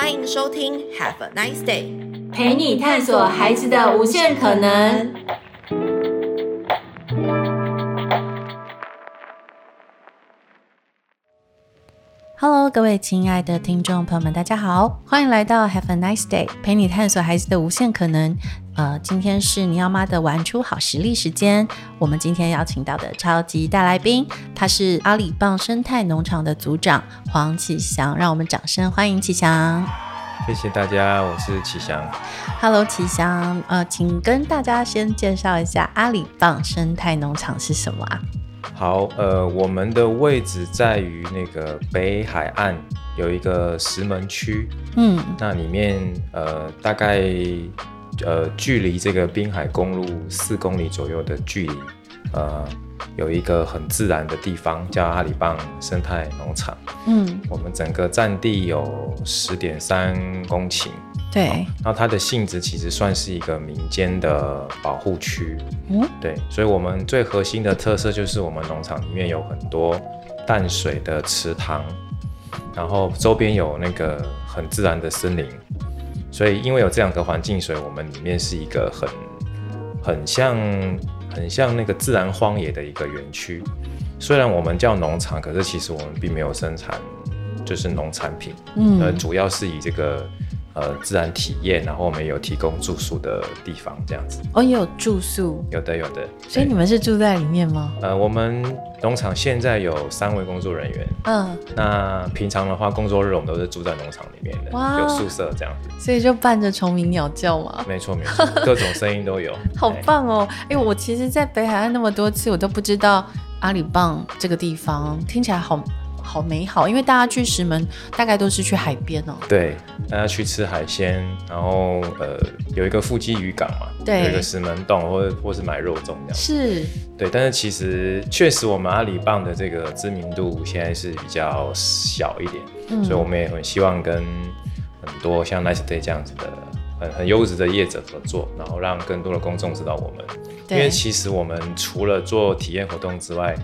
歡迎收聽《Have a Nice Day》，陪你探索孩子的無限可能。Hello，各位親愛的聽眾朋友們，大家好，歡迎來到《Have a Nice Day》，陪你探索孩子的無限可能。呃，今天是尼奧媽的玩出好十力時間。我們今天邀請到的超級大來賓，他是阿里磅生態農場的組長黃啟翔。讓我們掌聲歡迎啟翔。謝謝大家，我是啟翔。Hello，啟翔。呃，請跟大家先介紹一下阿里磅生態農場是什麼啊？好，呃，我們的位置在於那個北海岸有一個石門區，嗯，那裡面呃大概。呃，距離這個濱海公路四公里左右的距離，呃，有一個很自然的地方叫阿里磅生態農場。嗯，我們整個占地有十點三公頃。對，那它的性質其實算是一個民間的保護區。嗯，對，所以我們最核心的特色就是我們農場裡面有很多淡水的池塘，然後周邊有那個很自然的森林。所以，因為有這樣的環境，所以我們裡面是一個很、很像、很像那個自然荒野的一個園區。雖然我們叫農場，可是其實我們並沒有生產，就是農產品。嗯，而主要是以這個。呃，自然體驗，然後我們有提供住宿的地方，這樣子。哦，也有住宿？有的，有的，有的。所以你們是住在裡面嗎？欸、呃，我們農場現在有三位工作人員。嗯。那平常的話，工作日我們都是住在農場裡面的，哇有宿舍這樣子。所以就伴着蟲鳴鳥叫嘛。沒錯，沒錯，各種聲音都有。 好棒哦！哎、欸欸，我其實，在北海岸那麼多次，我都不知道阿里磅這個地方，聽起來好。好美好，因為大家去石門大概都是去海邊哦。對，大家去吃海鮮，然後呃，有一個富基漁港嘛，對有一個石門洞，或或是買肉粽這樣。是。對，但是其實確實我們阿里磅的這個知名度現在是比較小一點，嗯，所以我們也很希望跟很多像 Nice Day 這樣子的很很優質的業者合作，然後讓更多的公眾知道我們。對因為其實我們除了做體驗活動之外，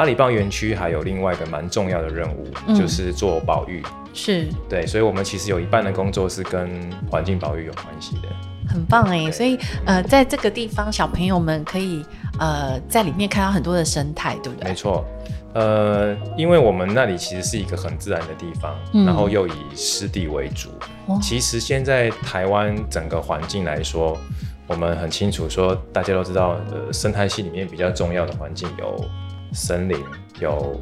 阿里磅園區還有另外一個蠻重要的任務，嗯、就是做保育。是，對，所以我們其實有一半的工作是跟環境保育有關係的。很棒哎、欸，對所以呃，在這個地方，小朋友們可以呃在裡面看到很多的生態，對不對？沒錯，呃，因為我們那裡其實是一個很自然的地方，然後又以濕地為主。嗯、其實現在台灣整個環境來說，哦、我們很清楚說，大家都知道，呃，生態系裡面比較重要的環境有。森林有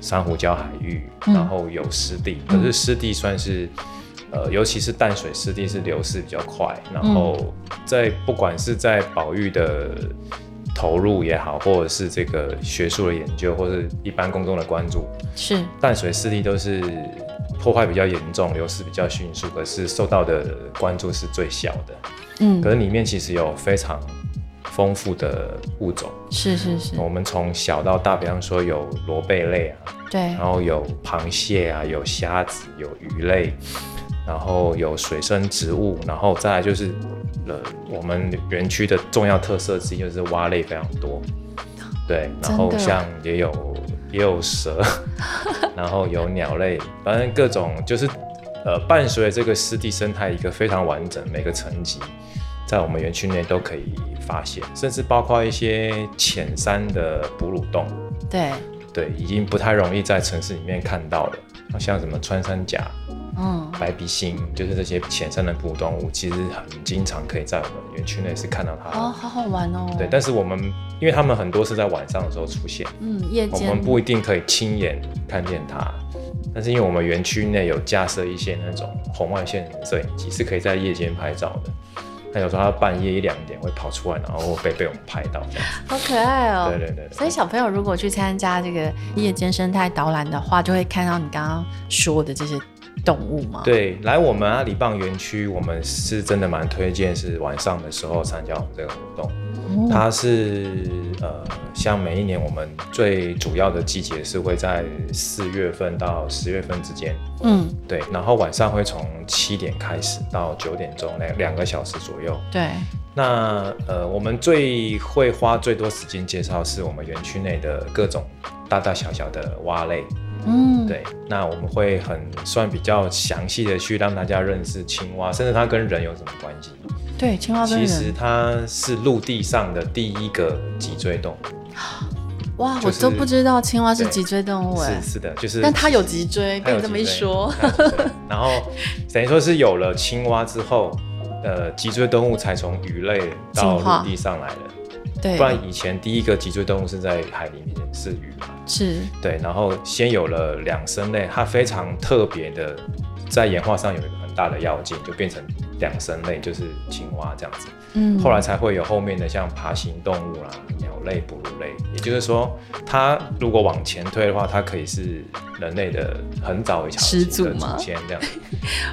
珊瑚礁海域，然後有濕地。嗯、可是濕地算是，呃，尤其是淡水濕地是流失比較快。然後在不管是在保育的投入也好，或者是這個學術的研究，或者是一般公眾的關注，是淡水濕地都是破壞比較嚴重，流失比較迅速，可是受到的關注是最小的。嗯，可是裡面其實有非常。豐富的物種是是是、嗯，我們從小到大，比方說有螺貝類啊，對，然後有螃蟹啊，有蝦子，有魚類，然後有水生植物，然後再來就是、呃、我們園區的重要特色之一就是蛙類非常多，對，然後像也有的也有蛇，然後有鳥類，反正各種就是、呃、伴隨這個濕地生態一個非常完整，每個層級在我們園區內都可以。發現，甚至包括一些淺山的哺乳動物，對對，已經不太容易在城市裡面看到了。像什麼穿山甲、嗯，白鼻心，就是這些淺山的哺乳動物，其實很經常可以在我們園區內是看到它。哦，好好玩哦。對，但是我們，因為他們很多是在晚上的時候出現，嗯，夜間，我們不一定可以親眼看見它。但是因為我們園區內有架設一些那種紅外線攝影機，是可以在夜間拍照的。有時候他半夜一兩點會跑出來，然後被被我們拍到，好可愛哦，喔。對，對對對，所以小朋友如果去參加這個夜間生態導覽的話，嗯，就會看到你剛剛說的這些。動物嗎？對，來我們阿里磅園區，我們是真的蠻推薦是晚上的時候參加我們這個活動。哦、它是呃，像每一年我們最主要的季節是會在四月份到十月份之間，嗯，對。然後晚上會從七點開始到九點鐘兩兩個小時左右。對。那呃，我們最會花最多時間介紹是我們園區內的各種大大小小的蛙類。嗯，對，那我們會很算比較詳細的去讓大家認識青蛙，甚至它跟人有什麼關係。對，青蛙其實它是陸地上的第一個脊椎動物。哇，就是，我都不知道青蛙是脊椎動物哎、欸，是，是的，就是，但它有脊椎，可以這麼一說。 然後等於說是有了青蛙之後，呃，脊椎動物才從魚類到陸地上來的。啊、不然以前第一個脊椎動物是在海裡面，是魚嘛？是對，然後先有了兩生類，它非常特別的，在演化上有一個很大的躍進，就變成兩生類，就是青蛙這樣子。嗯，後來才會有後面的像爬行動物啦、啊、鳥類、哺乳類。也就是說，它如果往前推的話，它可以是人類的很早以前的祖先這樣。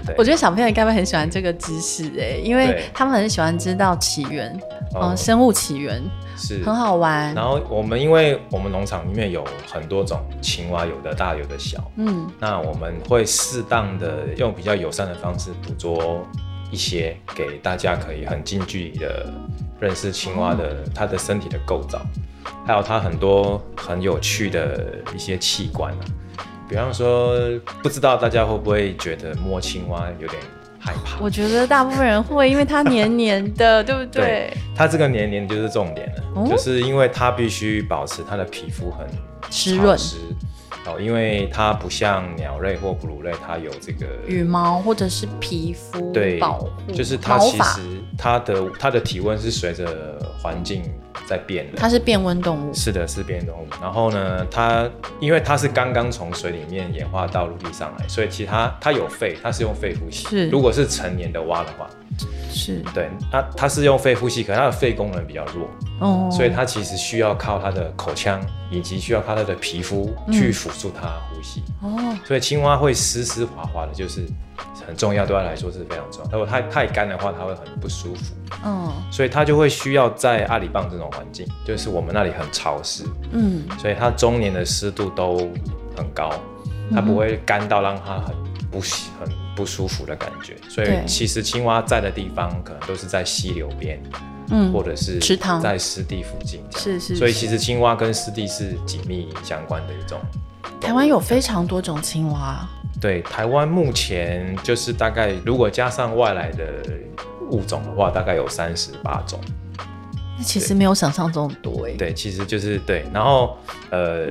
對 我覺得小朋友應該不會很喜歡這個知識哎，因為他們很喜歡知道起源。哦，生物起源是很好玩。然後我們因為我們農場裡面有很多種青蛙，有的大，有的小。嗯，那我們會適當的用比較友善的方式捕捉一些，給大家可以很近距離的認識青蛙的、嗯、它的身體的構造，還有它很多很有趣的一些器官，啊。比方說，不知道大家會不會覺得摸青蛙有點……我覺得大部分人會，因為它黏黏的， 對不對？對，它這個黏黏就是重點了，嗯、就是因為它必須保持它的皮膚很濕潤。濕潤。哦，因為它不像鳥類或哺乳類，它有這個羽毛或者是皮膚保護，對，就是它其實它的它髮的體溫是隨着環境。在變，它是變溫動物，是的，是變溫動物。然後呢，它因為它是剛剛從水裡面演化到陸地上來，所以其他它，它有肺，它是用肺呼吸。是。如果是成年的蛙的話，是對它，它是用肺呼吸，可它的肺功能比較弱，哦，哦，所以它其實需要靠它的口腔以及需要靠它的皮膚去輔助它呼吸。哦、嗯，所以青蛙會濕濕滑滑的，就是。很重要，對他來說是非常重要。如果太太乾的話，他會很不舒服。嗯、哦，所以他就會需要在阿里磅這種環境，就是我們那裡很潮濕。嗯，所以它終年的濕度都很高，它不會乾到讓它很不很不舒服的感覺。所以其實青蛙在的地方，可能都是在溪流邊，嗯，或者是池塘，在濕地附近。嗯。是是，是。所以其實青蛙跟濕地是緊密相關的一種。台灣有非常多種青蛙。對，台灣目前就是大概，如果加上外來的物種的話，大概有三十八種。其實沒有想象中多哎、欸，對，其實就是對。然後，呃，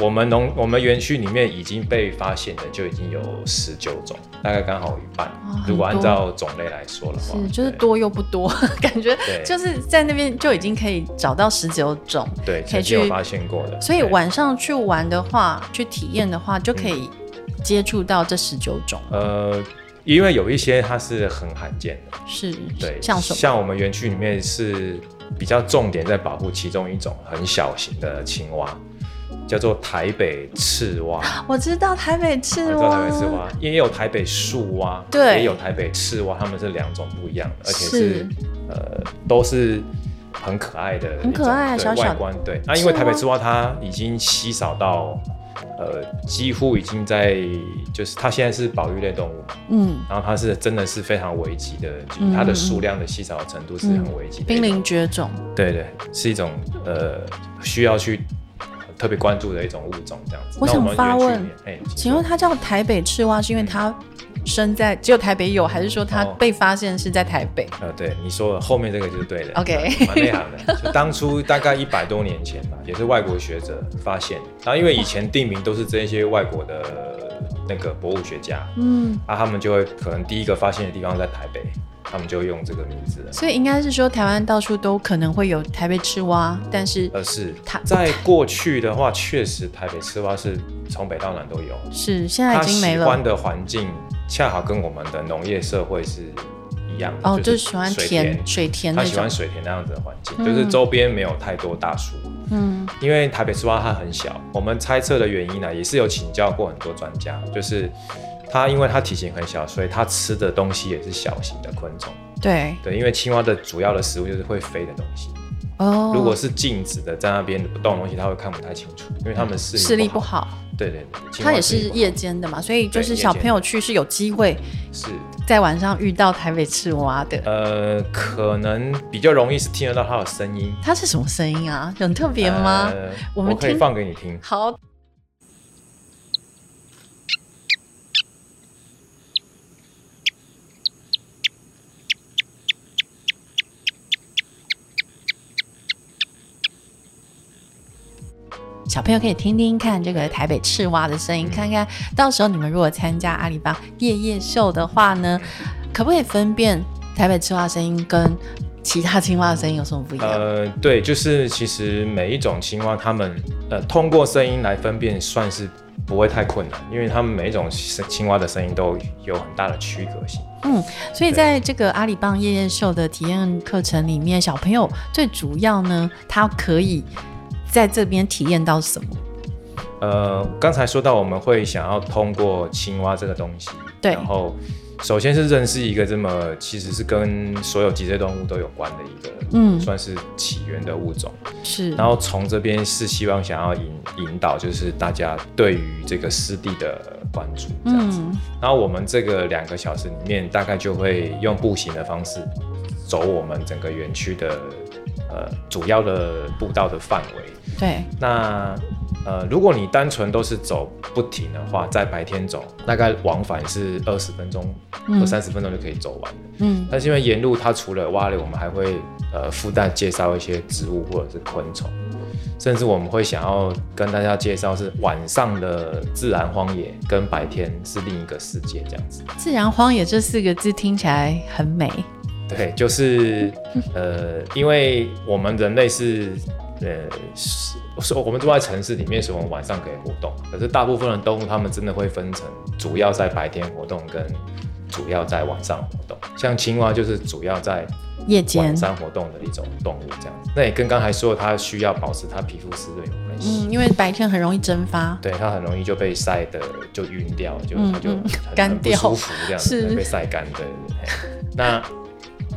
我們農我們園區裡面已經被發現的就已經有十九種，大概剛好一半。哦、如果按照種類來說的話，是就是多又不多，對感覺就是在那邊就已經可以找到十九種對曾經，對，可有發現過的。所以晚上去玩的話，去體驗的話，嗯、就可以接觸到這十九種。嗯、呃，因為有一些它是很罕見的，是對像像我們園區裡面是。比較重點在保護其中一種很小型的青蛙，叫做台北赤蛙。我知道台北赤蛙，啊，知道台北赤蛙，也有台北樹蛙，對也有台北赤蛙，它們是兩種不一樣的，而且是，是，呃、都是很可愛的一種，很可愛，啊，對小小外觀。對，那，啊、因為台北赤蛙它已經稀少到。呃，幾乎已經在，就是它現在是保育類動物嘛，嗯，然後它是真的是非常危急的，它的數量的稀少的程度是很危急的，嗯，瀕臨絕種。對，對對，是一種呃需要去特別關注的一種物種這樣子。我想發問，哎，請，請問它叫台北赤蛙是因為它、嗯？生在只有台北有，嗯、還是說他被發現是在台北？哦、呃，對，你說了後面這個就是對的。OK，蠻內行的。就當初大概一百多年前吧，也是外國學者發現。然後因為以前定名都是這些外國的那個博物學家，嗯，那、啊、他們就會可能第一個發現的地方在台北，他們就用這個名字了。所以應該是說台灣到處都可能會有台北赤蛙，嗯、但是呃是在過去的話，確實台北赤蛙是從北到南都有。是，現在已經沒了。喜歡的環境。恰好跟我們的農業社會是一樣的。哦，就是喜歡是水田，水田。他喜歡水田那樣子的環境，嗯、就是周邊沒有太多大樹。嗯，因為台北樹蛙它很小，我們猜測的原因呢、啊，也是有請教過很多專家，就是它因為它體型很小，所以它吃的東西也是小型的昆蟲。對。對，因為青蛙的主要的食物就是會飛的東西。哦，如果是靜止的在那邊不動的東西，他會看不太清楚，因為他們視力視力不好。對對對，他也是夜間的嘛，所以就是小朋友去是有機會是在晚上遇到台北赤蛙的。呃，可能比較容易是聽得到它的聲音。它是什麼聲音啊？很特別嗎？呃，我們可以放給你聽。好。小朋友可以聽聽看這個台北赤蛙的聲音，看看到時候你們如果參加阿里磅夜夜秀的話呢，可不可以分辨台北赤蛙聲音跟其他青蛙的聲音有什麼不一樣？呃，對，就是其實每一種青蛙，他們呃通過聲音來分辨，算是不會太困難，因為他們每一種青蛙的聲音都有很大的區隔性。嗯，所以在這個阿里磅夜夜秀的體驗課程裡面，對小朋友最主要呢，他可以。在這邊體驗到什麼？呃，剛才說到我們會想要通過青蛙這個東西，對，然後首先是認識一個這麼其實是跟所有脊椎動物都有關的一個，嗯，算是起源的物種，是。然後從這邊是希望想要引引導，就是大家對於這個濕地的關注這樣子。嗯。然後我們這個兩個小時裡面，大概就會用步行的方式走我們整個園區的。呃，主要的步道的範圍，對。那呃，如果你單純都是走不停的話，在白天走，大概往返是二十分鐘或三十分鐘就可以走完。嗯。但是因為沿路它除了蛙類，我們還會呃附帶介紹一些植物或者是昆蟲，嗯、甚至我們會想要跟大家介紹是晚上的自然荒野跟白天是另一個世界這樣子。自然荒野這四個字聽起來很美。對，就是呃，嗯、因為我們人類是呃，是，我們住在城市裡面，所以我們晚上可以活動。可是大部分的動物，它們真的會分成主要在白天活動，跟主要在晚上活動。像青蛙就是主要在夜間晚上活動的一種動物，這樣間那也跟剛才說，它需要保持它皮膚濕潤有關係。嗯，因為白天很容易蒸發，對，它很容易就被曬的就暈掉，就，嗯、就乾很掉，不舒服這樣子，是被曬乾的。對那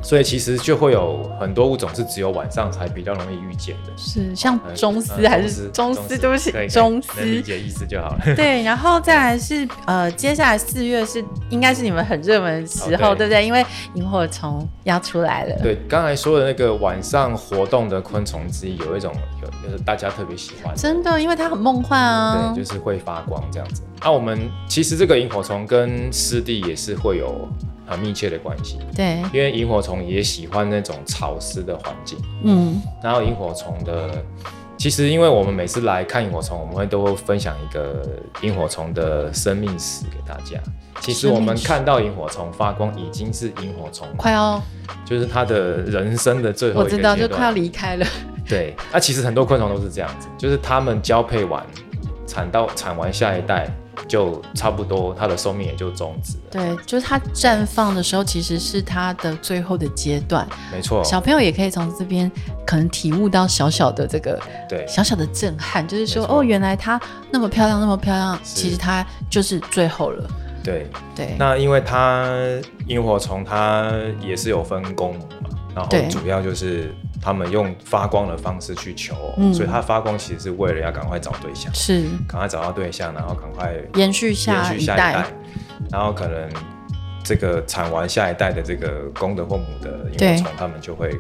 所以其實就會有很多物種是只有晚上才比較容易遇見的，是像螽斯還是、嗯嗯、螽斯？都是螽斯，理解意思就好了。對，然後再來是對呃，接下來四月是應該是你們很熱門的時候，哦、對，對不對？因為螢火蟲要出來了。對，剛才說的那個晚上活動的昆蟲之一，有一種有就是大家特別喜歡，真的，因為它很夢幻啊、嗯，對，就是會發光這樣子。那、啊、我們其實這個螢火蟲跟濕地也是會有。很密切的關係，對，因為螢火蟲也喜歡那種潮濕的環境，嗯，然後螢火蟲的，其實因為我們每次來看螢火蟲，我們都會都分享一個螢火蟲的生命史給大家。其實我們看到螢火蟲發光，已經是螢火蟲快要，就是它的人生的最後一，我知道就快要離開了。對，那、啊、其實很多昆蟲都是這樣子，就是它們交配完，產到產完下一代。就差不多，它的壽命也就終止了。對，就是它綻放的時候，其實是它的最後的階段。沒錯，哦，小朋友也可以從這邊可能體悟到小小的這個對，小小的震撼，就是說，沒錯，哦，原來它那麼漂亮，那麼漂亮，是。其實它就是最後了。對對。對，那因為它螢火蟲，它也是有分工嘛，然後主要就是。他們用發光的方式去求，嗯，所以它發光其實是為了要趕快找對象，是趕快找到對象，然後趕快延續延續下一代，一代，然後可能這個產完下一代的這個公的或母的螢火蟲，對他們就會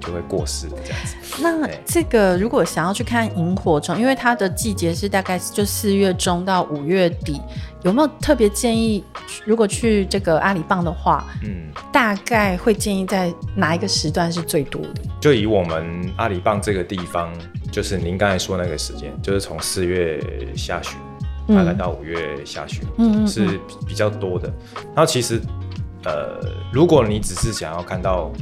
就會過世這樣子。那這個如果想要去看螢火蟲，因為它的季節是大概就四月中到五月底。有沒有特別建議？如果去這個阿里磅的話，嗯，大概會建議在哪一個時段是最多的？就以我們阿里磅這個地方，就是您剛才說那個時間，就是從四月下旬，大概到五月下旬，嗯，是比較多的。然後、嗯嗯嗯、其實，呃，如果你只是想要看到。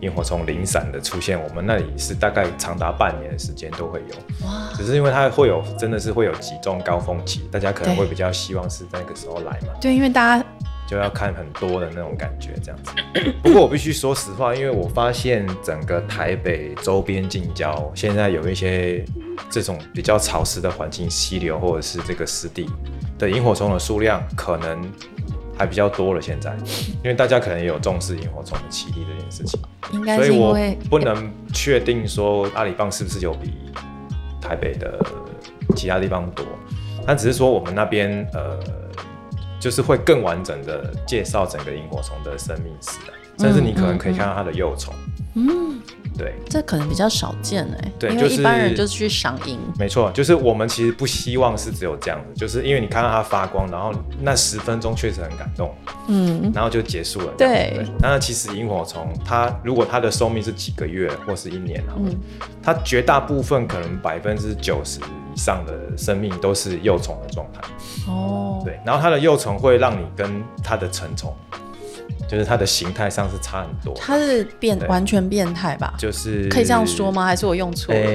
螢火蟲零散的出現，我們那裡是大概長達半年的時間都會有。哇只是因為它會有，真的是會有集中高峰期，大家可能會比較希望是在那個時候來嘛？對，因為大家就要看很多的那種感覺這樣子。不過我必須說實話，因為我發現整個台北周邊近郊現在有一些這種比較潮濕的環境、溪流或者是這個濕地的螢火蟲的數量可能。還比較多了，現在，因為大家可能也有重視螢火蟲的棲地這件事情，所以我不能確定說阿里磅是不是有比台北的其他地方多，但只是說我們那邊呃，就是會更完整的介紹整個螢火蟲的生命史，甚至你可能可以看到它的幼蟲。嗯。嗯。嗯對，這可能比較少見哎，欸嗯，對，一般人就去賞螢，就是，沒錯，就是我們其實不希望是只有這樣子，就是因為你看到它發光，然後那十分鐘確實很感動，嗯，然後就結束了，對。那其實螢火蟲它如果它的壽命是幾個月或是一年，嗯，它絕大部分可能百分之九十以上的生命都是幼蟲的狀態，哦，對，然後它的幼蟲會讓你跟它的成蟲。就是它的形態上是差很多，它是變完全變態吧？就是可以這樣說嗎？還是我用錯了？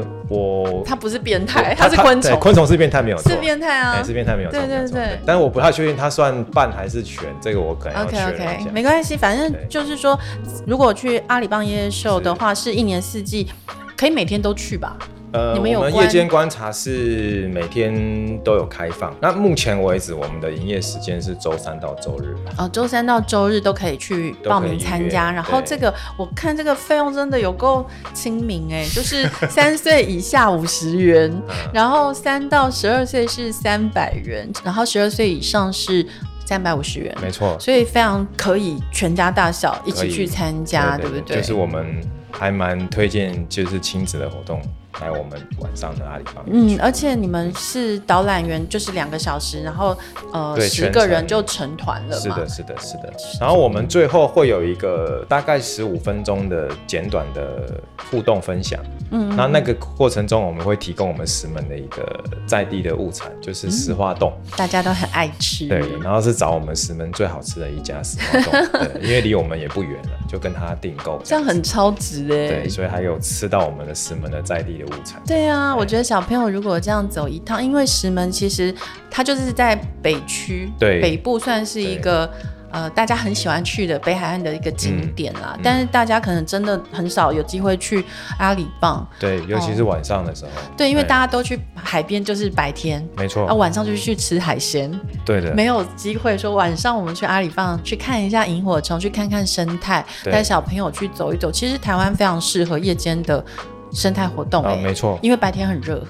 呃，我它不是變態，它是昆蟲，昆蟲是變態沒有錯，是變態啊，是變態沒有錯，對對對，但是我不太確定它算半還是全，這個我可能要 OK OK。沒關係，反正就是說，如果去阿里磅夜夜秀的話，是一年四季可以每天都去吧？呃，你們有我們夜間觀察是每天都有開放。那目前為止，我們的營業時間是周三到周日。哦，周三到周日都可以去報名參加。然後這個，對我看這個費用真的有夠親民哎，就是三歲以下五十元, 元，然後三到十二歲是三百元，然後十二歲以上是三百五十元。沒錯錯，所以非常可以全家大小一起去參加，對,對,對,對不對？就是我們還蠻推薦，就是親子的活動。來我們晚上的阿里磅面。嗯，而且你們是導覽員，就是兩個小時，然後呃，十對個人就成團了。是的，是的，是的。然後我們最後會有一個大概十五分鐘的簡短的互動分享。嗯，嗯，嗯，那那個過程中我們會提供我們石門的一個在地的物產，就是石花凍，嗯。大家都很愛吃，欸。對，然後是找我們石門最好吃的一家石花凍 對，因為離我們也不遠了，就跟他訂購。這樣很超值哎，欸。對，所以還有吃到我們的石門的在地。午餐對啊，我覺得小朋友如果這樣走一趟，因為石門其實它就是在北區，對北部算是一個呃大家很喜歡去的北海岸的一個景點啊。但是大家可能真的很少有機會去阿里磅，對，尤其是晚上的時候。對，因為大家都去海邊就是白天，沒錯。那晚上就是去吃海鮮，對的，沒有機會說晚上我們去阿里磅去看一下螢火蟲，去看看生態，帶小朋友去走一走。其實台灣非常適合夜間的。生態活動，沒錯，因為白天很熱，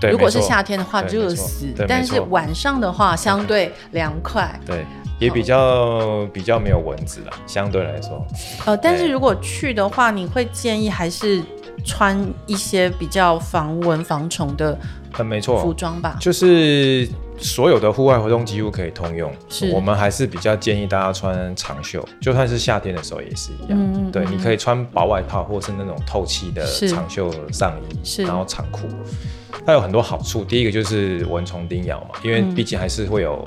對，如果是夏天的話熱死，但是晚上的話相對涼快，對，也比較比較沒有蚊子啦。相對來說，呃，但是如果去的話，你會建議還是穿一些比較防蚊防蟲的，嗯沒錯，服裝吧，就是。所有的戶外活動幾乎可以通用，是我們還是比較建議大家穿長袖，就算是夏天的時候也是一樣。嗯、對，嗯、你可以穿薄外套或是那種透氣的長袖上衣，是然後長褲，是它有很多好處。第一個就是蚊蟲叮咬嘛，因為畢竟還是會有。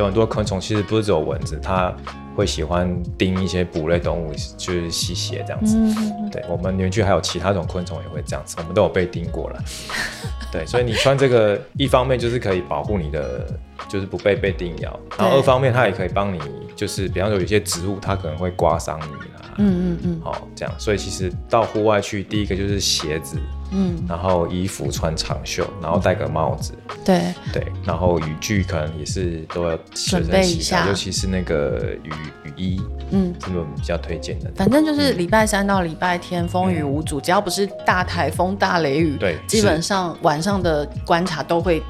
有很多昆蟲其實不是只有蚊子，它會喜歡叮一些哺乳類動物，就是吸血這樣子。嗯、對，我們園區還有其他種昆蟲也會這樣子，我們都有被叮過了。 對，所以你穿這個一方面就是可以保護你的，就是不被被叮咬，然後二方面它也可以幫你，就是比方說有些植物它可能會刮傷你啦、啊。嗯嗯嗯，好，這樣，所以其實到戶外去，第一個就是鞋子。嗯，然後衣服穿長袖，然後戴個帽子。對對，然後雨具可能也是都要準備一下，尤其是那個雨雨衣。嗯，這個我們比較推薦的、那個。反正就是禮拜三到禮拜天風雨無阻，嗯、只要不是大颱風、大雷雨，嗯、對，基本上晚上的觀察都會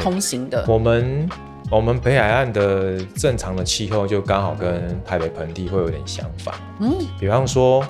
通行的。我們我們北海岸的正常的氣候就剛好跟台北盆地會有點相反。嗯，比方說。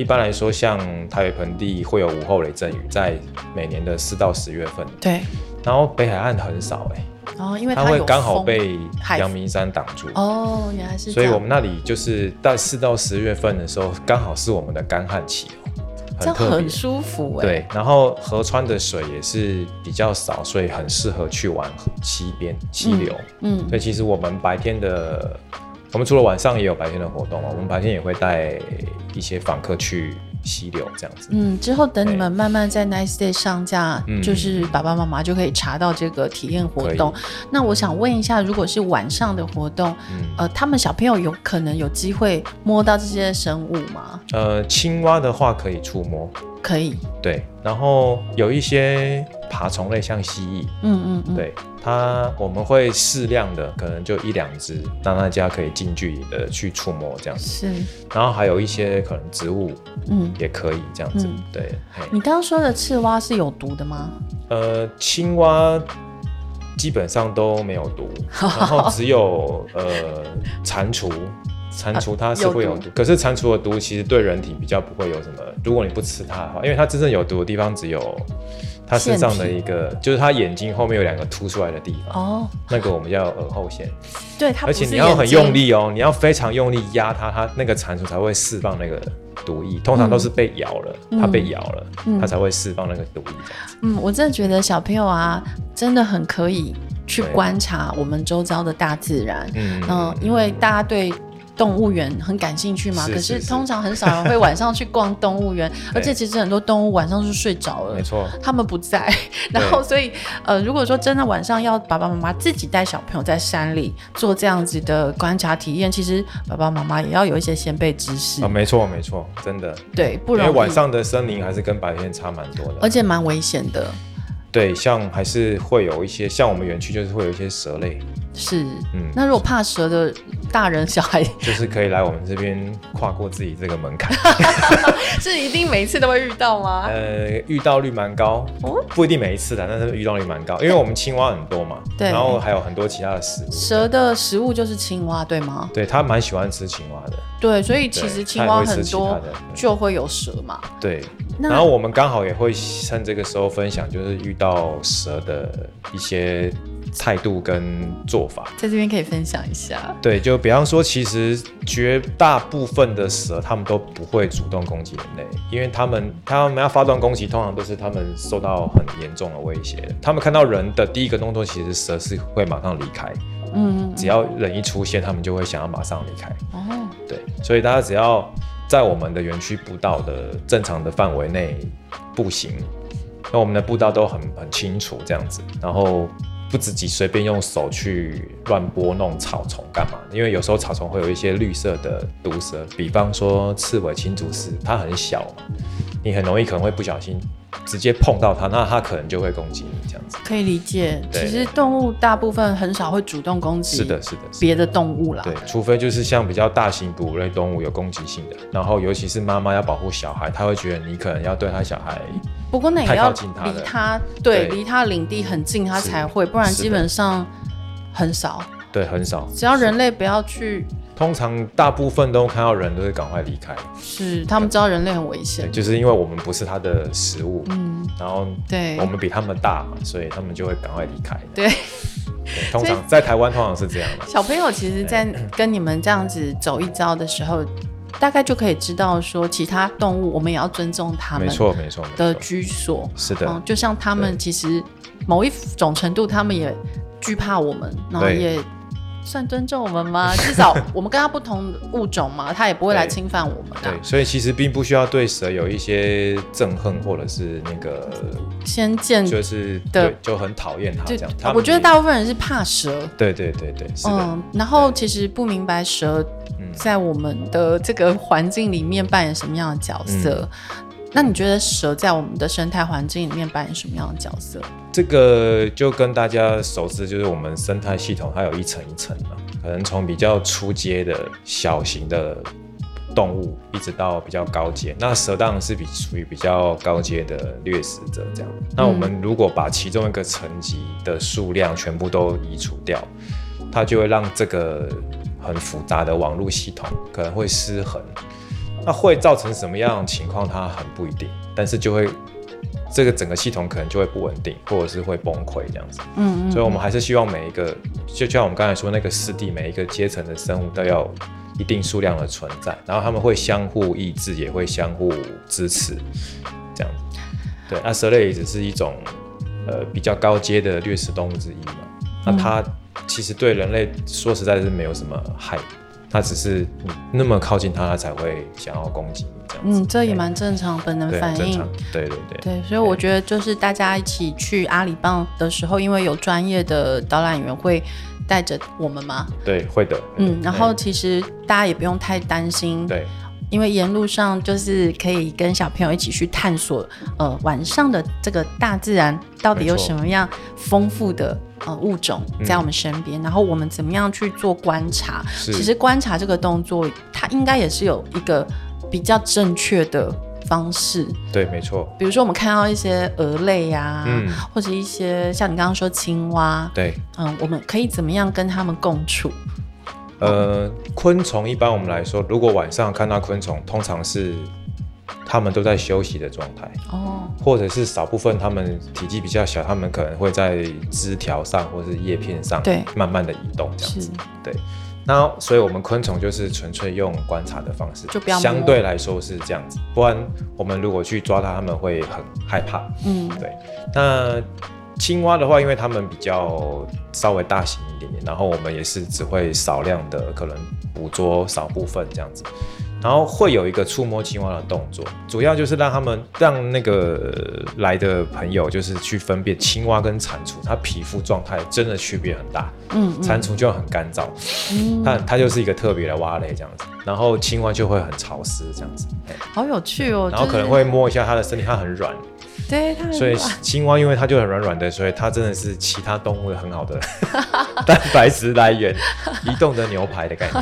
一般來說，像台北盆地會有午後雷陣雨，在每年的四到十月份。對。然後北海岸很少哎、欸。哦，因為它會剛好被陽明山擋住。哦，原來是。所以我們那裡就是在到四到十月份的時候，剛好是我們的乾旱期哦。很這樣很舒服、欸。對。然後河川的水也是比較少，所以很適合去玩溪邊溪流。嗯。嗯所以其實我們白天的。我們除了晚上也有白天的活動啊，我們白天也會帶一些訪客去溪流這樣子。嗯，之後等你們慢慢在 Nice、欸、Nice Day 上架，嗯、就是爸爸媽媽就可以查到這個體驗活動。可以。那我想問一下，如果是晚上的活動，嗯、呃，他們小朋友有可能有機會摸到這些生物嗎？呃，青蛙的話可以觸摸，可以。對，然後有一些爬蟲類，像蜥蜴。嗯嗯嗯。對。它我們會適量的，可能就一兩隻，讓大家可以近距離的去觸摸這樣子。是，然後還有一些可能植物，嗯，也可以這樣子。嗯嗯、對，你剛剛說的赤蛙是有毒的嗎？呃，青蛙基本上都沒有毒，好好，然後只有呃蟾蜍。蟾蜍它是會有毒，可是蟾蜍的毒其實對人體比較不會有什麼，如果你不吃它的話，因為它真正有毒的地方只有它身上的一個，就是它眼睛後面，有兩個凸出來的地方。哦。那個我們叫耳後腺，對它。而且你要很用力哦，你要非常用力壓它，它那個蟾蜍才會釋放那個毒液。通常都是被咬了，它被咬了，它才會釋放那個毒液。嗯，我真的覺得小朋友啊，真的很可以去觀察我們周遭的大自然。嗯嗯。嗯，因為大家對。動物園很感興趣嘛。是是是，可是通常很少人會晚上去逛動物園， 對 而且其實很多動物晚上是睡着了，沒錯 錯，他們不在。然後所以，對 呃，如果說真的晚上要爸爸媽媽自己帶小朋友在山裡做這樣子的觀察體驗，其實爸爸媽媽也要有一些先備知識啊。沒錯，沒錯，真的。對，不然晚上的森林還是跟白天差蠻多的，而且蠻危險的。對，像還是會有一些，像我們園區就是會有一些蛇類。是，嗯，那如果怕蛇的大人小孩，就是可以來我們這邊跨過自己這個門檻，是一定每一次都會遇到嗎？呃，遇到率蠻高，哦，不一定每一次的，但是遇到率蠻高，因為我們青蛙很多嘛，對，然後還有很多其他的食物，蛇的食物就是青蛙，對嗎？對，它蠻喜歡吃青蛙的，對，所以其實青蛙很多就會有蛇嘛，對，然後我們剛好也會趁這個時候分享，就是遇到蛇的一些。態度跟做法，在這邊可以分享一下。對，就比方說，其實絕大部分的蛇，他們都不會主動攻擊人類，因為他們他們要發動攻擊，通常都是他們受到很嚴重的威脅。他們看到人的第一個動作，其實蛇是會馬上離開。嗯、嗯、嗯，只要人一出現，他們就會想要馬上離開。哦、嗯嗯，對，所以大家只要在我們的園區步道的正常的範圍內步行，那我們的步道都很很清楚這樣子，然後。不自己隨便用手去亂撥弄草叢幹嘛。因為有時候草叢會有一些綠色的毒蛇，比方說赤尾青竹絲，它很小，你很容易可能會不小心，直接碰到它，那它可能就會攻擊你，這樣子可以理解。嗯、其實動物大部分很少會主動攻擊，是的，是的，別的動物啦。對，除非就是像比較大型哺乳類動物有攻擊性的，然後尤其是媽媽要保護小孩，他會覺得你可能要對他小孩太靠近他，不過那也要離他，對，離對他領地很近，嗯、他才會，不然基本上很少，對，很少。只要人類不要去。通常大部分都看到人都是趕快離開，是他們知道人類很危險，就是因為我們不是他的食物，嗯，然後對我們比他們大嘛，對所以他們就會趕快離開。對，對，通常以在台灣通常是這樣，小朋友其實，在跟你們這樣子走一遭的時候，對對大概就可以知道說，其他動物我們也要尊重他們，沒錯沒錯的居所，是的，就像他們其實某一種程度，他們也懼怕我們，然後也。算尊重我們嗎？至少我們跟他不同物種嘛，他 也不會來侵犯我們。啊、對，對，所以其實並不需要對蛇有一些憎恨或者是那個先見，就是對，就很討厭就他。我覺得大部分人是怕蛇。對對對對，嗯。然後其實不明白蛇在我們的這個環境裡面扮演什麼樣的角色。嗯那你覺得蛇在我們的生態環境裡面扮演什麼樣的角色？這個就跟大家熟知，就是我們生態系統它有一層一層的，可能從比較初階的小型的動物，一直到比較高階。那蛇當然是比屬於比較高階的掠食者這樣。那我們如果把其中一個層級的數量全部都移除掉，它就會讓這個很複雜的網絡系統可能會失衡。那會造成什麼樣的情況？它很不一定，但是就會這個整個系統可能就會不穩定，或者是會崩潰這樣子。嗯，嗯，嗯，所以我們還是希望每一個，就像我們剛才說那個濕地，每一個階層的生物都有一定數量的存在，然後他們會相互抑制，也會相互支持這樣子。對，那蛇類只是一種呃比較高階的掠食動物之一嘛，那它其實對人類說實在是沒有什麼害。他只是那麼靠近他，他才會想要攻擊你這樣子。嗯，這也蠻正常，本能反應。對，正常對對對對，所以我覺得就是大家一起去阿里磅的時候，因為有專業的導覽員會帶着我們嘛。對，會的。對對嗯，然後其實大家也不用太擔心。對。對因為沿路上就是可以跟小朋友一起去探索，呃，晚上的這個大自然到底有什麼樣豐富的沒錯，呃物種在我們身邊，嗯、然後我們怎麼樣去做觀察？是，其實觀察這個動作，它應該也是有一個比較正確的方式。對，沒錯。比如說我們看到一些蛾類呀、啊，嗯、或者一些像你剛剛說青蛙，對，嗯、呃，我們可以怎麼樣跟他們共處？呃，昆蟲一般我們來說，如果晚上看到昆蟲，通常是他們都在休息的狀態哦，或者是少部分他們體積比較小，他們可能會在枝條上或者是葉片上對慢慢的移動這樣子。對，對，那所以我們昆蟲就是純粹用觀察的方式，就相對來說是這樣子，不然我們如果去抓它們，會很害怕。嗯，對，那。青蛙的話，因為它們比較稍微大型一點點，然後我們也是只會少量的，可能捕捉少部分這樣子，然後會有一個觸摸青蛙的動作，主要就是讓他們讓那個來的朋友就是去分辨青蛙跟蟾蜍，它皮膚狀態真的區別很大。嗯，蟾蜍，嗯，就很乾燥，它，嗯，它就是一個特別的蛙類這樣子，然後青蛙就會很潮濕這樣子。好有趣哦。嗯，就是，然後可能會摸一下它的身體，它很軟。對，所以青蛙因為它就很軟軟的，所以它真的是其他動物很好的蛋白質來源，移動的牛排的感覺，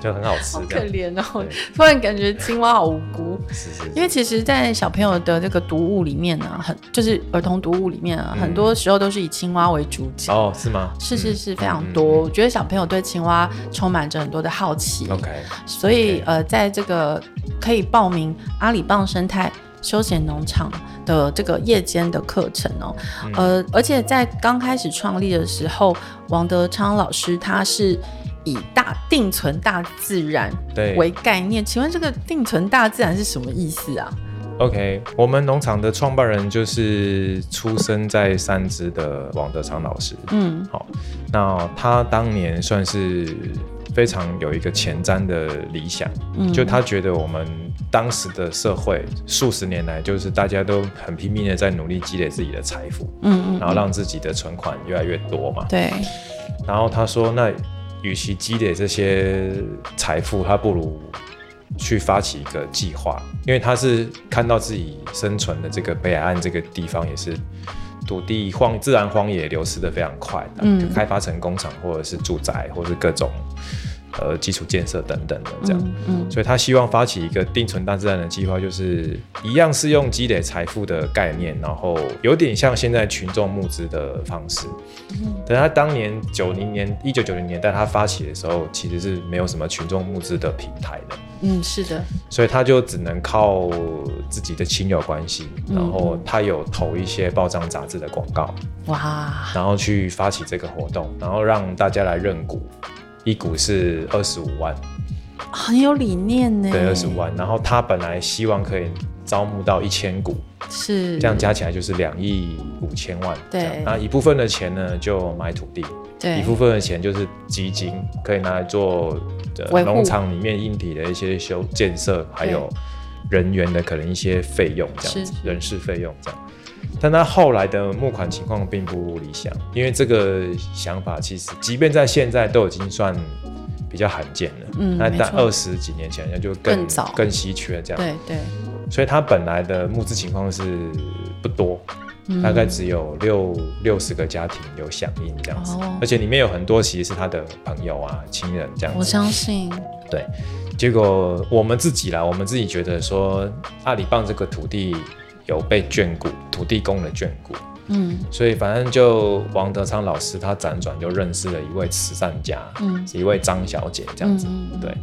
就很好吃。好可憐哦，突然感覺青蛙好無辜。是是，因為其實，在小朋友的這個讀物裡面呢，很就是兒童讀物裡面，很多時候都是以青蛙為主體哦，是嗎？是是是非常多。我覺得小朋友對青蛙充滿着很多的好奇。OK，所以呃，在這個可以報名阿里磅生態。休閒農場的這個夜間的課程哦、喔，嗯、呃，而且在剛開始創立的時候，王德昌老師他是以大定存大自然為概念，對，請問這個定存大自然是什麼意思啊？OK，我們農場的創辦人就是出生在三芝的王德昌老師，嗯，好，那他當年算是。非常有一個前瞻的理想，就他覺得我們當時的社會數十年來，就是大家都很拼命的在努力積累自己的財富，嗯、嗯、嗯，然後讓自己的存款越來越多嘛。對。然後他說，那與其積累這些財富，他不如去發起一個計劃，因為他是看到自己生存的這個北海岸這個地方也是。土地荒、自然荒野流失的非常快，嗯、啊，開發成工廠或者是住宅，或者是各種呃基礎建設等等的這樣，嗯，嗯，所以他希望發起一個定存大自然的計劃，就是一樣是用積累財富的概念，然後有點像現在群眾募資的方式，嗯，但他當年九零年一九九零年代他發起的時候，其實是沒有什麼群眾募資的平台的。嗯，是的，所以他就只能靠自己的親友關係，嗯、然後他有投一些報章雜誌的廣告，哇，然後去發起這個活動，然後讓大家來認股，一股是二十五萬，很有理念耶，對，二十五萬，然後他本來希望可以。招募到一千股，是這樣加起來就是兩億五千萬。對，那一部分的錢呢，就買土地；對，一部分的錢就是基金，可以拿來做呃、護農場裡面硬體的一些修建設，對還有人員的可能一些費用，這樣子是人事費用這樣。但他後來的募款情況並不理想，因為這個想法其實即便在現在都已經算比較罕見了。嗯，那但二十幾年前就更,更早、更稀缺這樣。對對。對所以他本來的募資情況是不多，嗯、大概只有六六十個家庭有響應這樣子，哦、而且裡面有很多其實是他的朋友啊、親人這樣子。我相信。對，結果我們自己啦，我們自己覺得說阿里磅這個土地有被眷顧，土地公的眷顧。嗯。所以反正就王德昌老師他輾轉就認識了一位慈善家，是、嗯、一位張小姐這樣子。嗯嗯嗯對。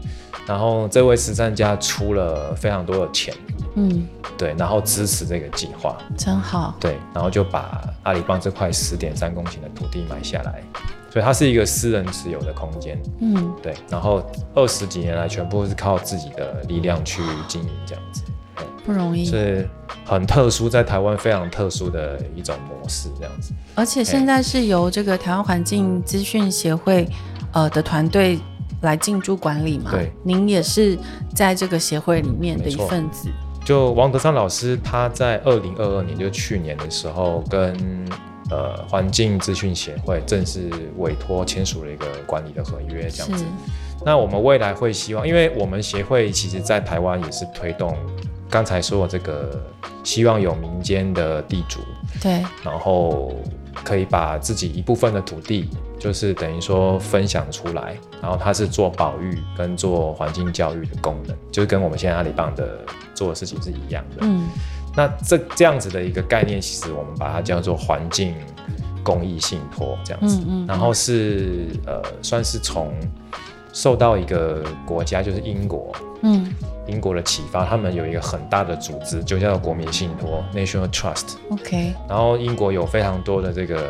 然後這位慈善家出了非常多的錢，嗯，對，然後支持這個計劃，真好，對，然後就把阿里磅這塊十點三公頃的土地買下來，所以它是一個私人持有的空間，嗯，對，然後二十幾年來全部是靠自己的力量去經營、啊、這樣子，對不容易，是很特殊，在台灣非常特殊的一種模式這樣子，而且現在是由這個台灣環境資訊協會，嗯、呃的團隊，來進駐管理嘛？對，您也是在這個協會裡面的一份子。嗯、就王德山老師，他在二零二二年，就去年的時候，跟呃環境資訊協會正式委託簽署了一個管理的合約，這樣子。是那我們未來會希望，因為我們協會其實在台灣也是推動，剛才說的這個，希望有民間的地主，對，然後可以把自己一部分的土地。就是等於說分享出來，然後它是做保育跟做環境教育的功能，就是跟我們現在阿里磅的做的事情是一樣的。嗯，那這這樣子的一個概念，其實我們把它叫做環境公益信托這樣子。嗯，嗯嗯然後是呃，算是從受到一個國家，就是英國，嗯，英國的啟發，他們有一個很大的組織，就叫做國民信托 （National Trust）。OK。然後英國有非常多的這個。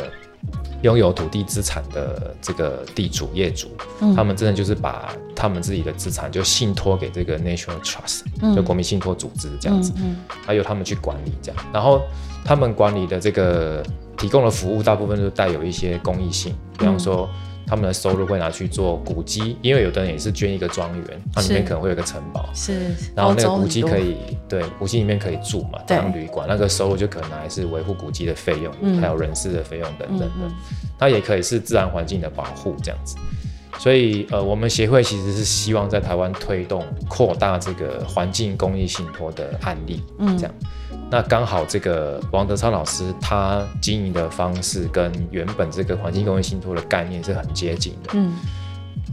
擁有土地資產的這個地主業主，嗯、他們真的就是把他們自己的資產就信託給這個 National Trust、嗯、就國民信託組織這樣子，還有、嗯嗯、他們去管理這樣，然後他們管理的這個提供的服務大部分都帶有一些公益性，比方說、嗯。他們的收入會拿去做古蹟，因為有的人也是捐一個莊園，是它裡面可能會有個城堡，是。然後那個古蹟可以，對，古蹟裡面可以住嘛，當旅館，對那個收入就可能還是維護古蹟的費用，嗯、還有人事的費用等等的。嗯、嗯嗯，它也可以是自然環境的保護這樣子。所以，呃，我們協會其實是希望在台灣推動擴大這個環境公益信托的案例，嗯，這樣。那剛好這個王德昌老師他經營的方式跟原本這個環境公益信託的概念是很接近的。嗯，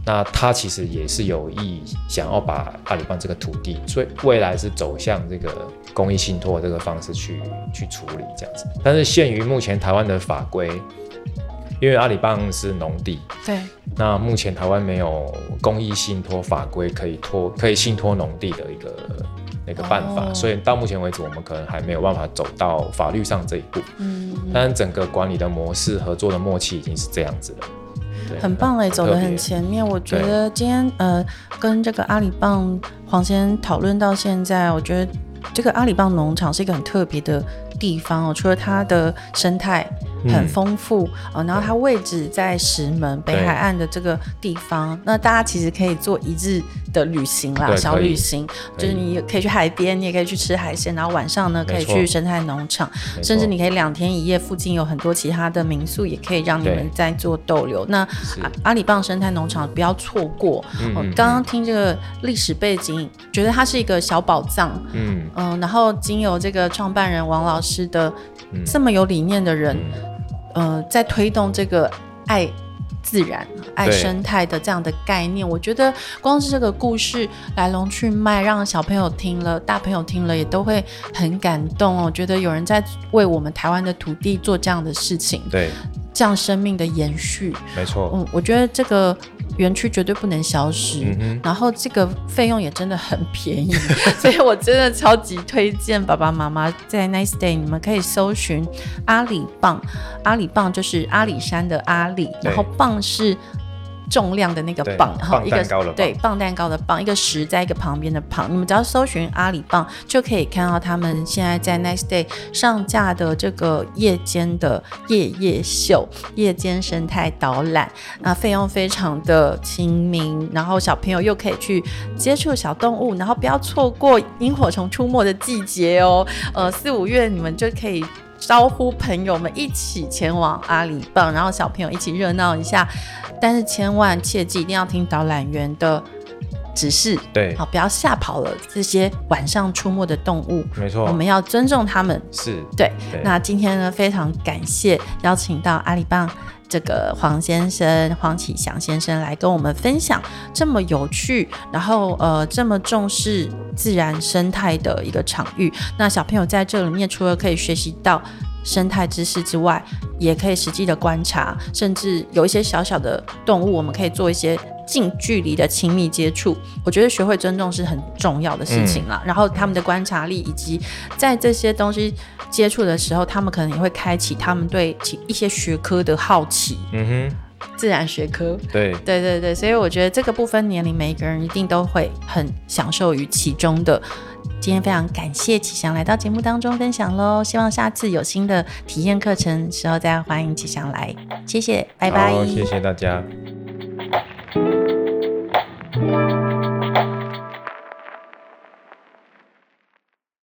那他其實也是有意想要把阿里磅這個土地，所以未來是走向這個公益信託這個方式去去處理這樣子。但是限於目前台灣的法規，因為阿里磅是農地，對，那目前台灣沒有公益信託法規可以託可以信託農地的一個一個辦法，哦、所以到目前為止，我們可能還沒有辦法走到法律上這一步。嗯，但整個管理的模式、合作的默契已經是這樣子了。對，很棒哎，走得很前面。我覺得今天對呃，跟這個阿里磅黃先生討論到現在，我覺得這個阿里磅農場是一個很特別的。地方哦，除了它的生態很豐富，嗯，然後它位置在石門北海岸的這個地方，那大家其實可以做一日的旅行啦，小旅行，就是你也可以去海邊，你也可以去吃海鮮，然後晚上呢可以去生態農場，甚至你可以兩天一夜，附近有很多其他的民宿，也可以讓你們在做逗留。那阿里磅生態農場不要錯過。我剛剛聽這個歷史背景，覺得它是一個小寶藏。嗯、嗯，然後經由這個創辦人王老師。是的，嗯、這麼有理念的人，嗯、呃，在推動這個愛自然、嗯、愛生態的這樣的概念，對我覺得光是這個故事來龍去脈，讓小朋友聽了，大朋友聽了也都會很感動哦。我覺得有人在為我們台灣的土地做這樣的事情，對，這樣生命的延續，沒錯錯。嗯，我覺得這個。園區絕對不能消失，嗯、哼然後這個費用也真的很便宜， 所以我真的超級推薦爸爸媽媽在 Nice Day，你們可以搜尋阿里磅，阿里磅就是阿里山的阿里，嗯、然後磅是。重量的那個磅哈，一個對磅蛋糕的磅，一個石在一個旁邊的旁，你們只要搜尋阿里磅就可以看到他們現在在 Niceday 上架的這個夜間的夜夜秀夜間生態導覽，那費用非常的親民，然後小朋友又可以去接觸小動物，然後不要錯過螢火蟲出沒的季節哦，呃，四五月你們就可以。招呼朋友們一起前往阿里磅，然後小朋友一起熱鬧一下，但是千萬切記一定要聽導覽員的。只是對，好，不要嚇跑了這些晚上出沒的動物。沒錯，我們要尊重他們。是，對。對，那今天呢，非常感謝邀請到阿里磅這個黃先生黃啟翔先生來跟我們分享這麼有趣，然後呃，這麼重視自然生態的一個場域。那小朋友在這裡面，除了可以學習到生態知識之外，也可以實際的觀察，甚至有一些小小的動物，我們可以做一些。近距離的親密接觸，我覺得學會尊重是很重要的事情了。嗯、然後他們的觀察力以及在這些東西接觸的時候，他們可能也會開啟他們對一些學科的好奇。嗯哼，自然學科。對對對對，所以我覺得這個不分年齡，每一個人一定都會很享受於其中的。今天非常感謝啟翔來到節目當中分享嘍，希望下次有新的體驗課程時候再歡迎啟翔來。謝謝，哦、拜拜，謝謝大家。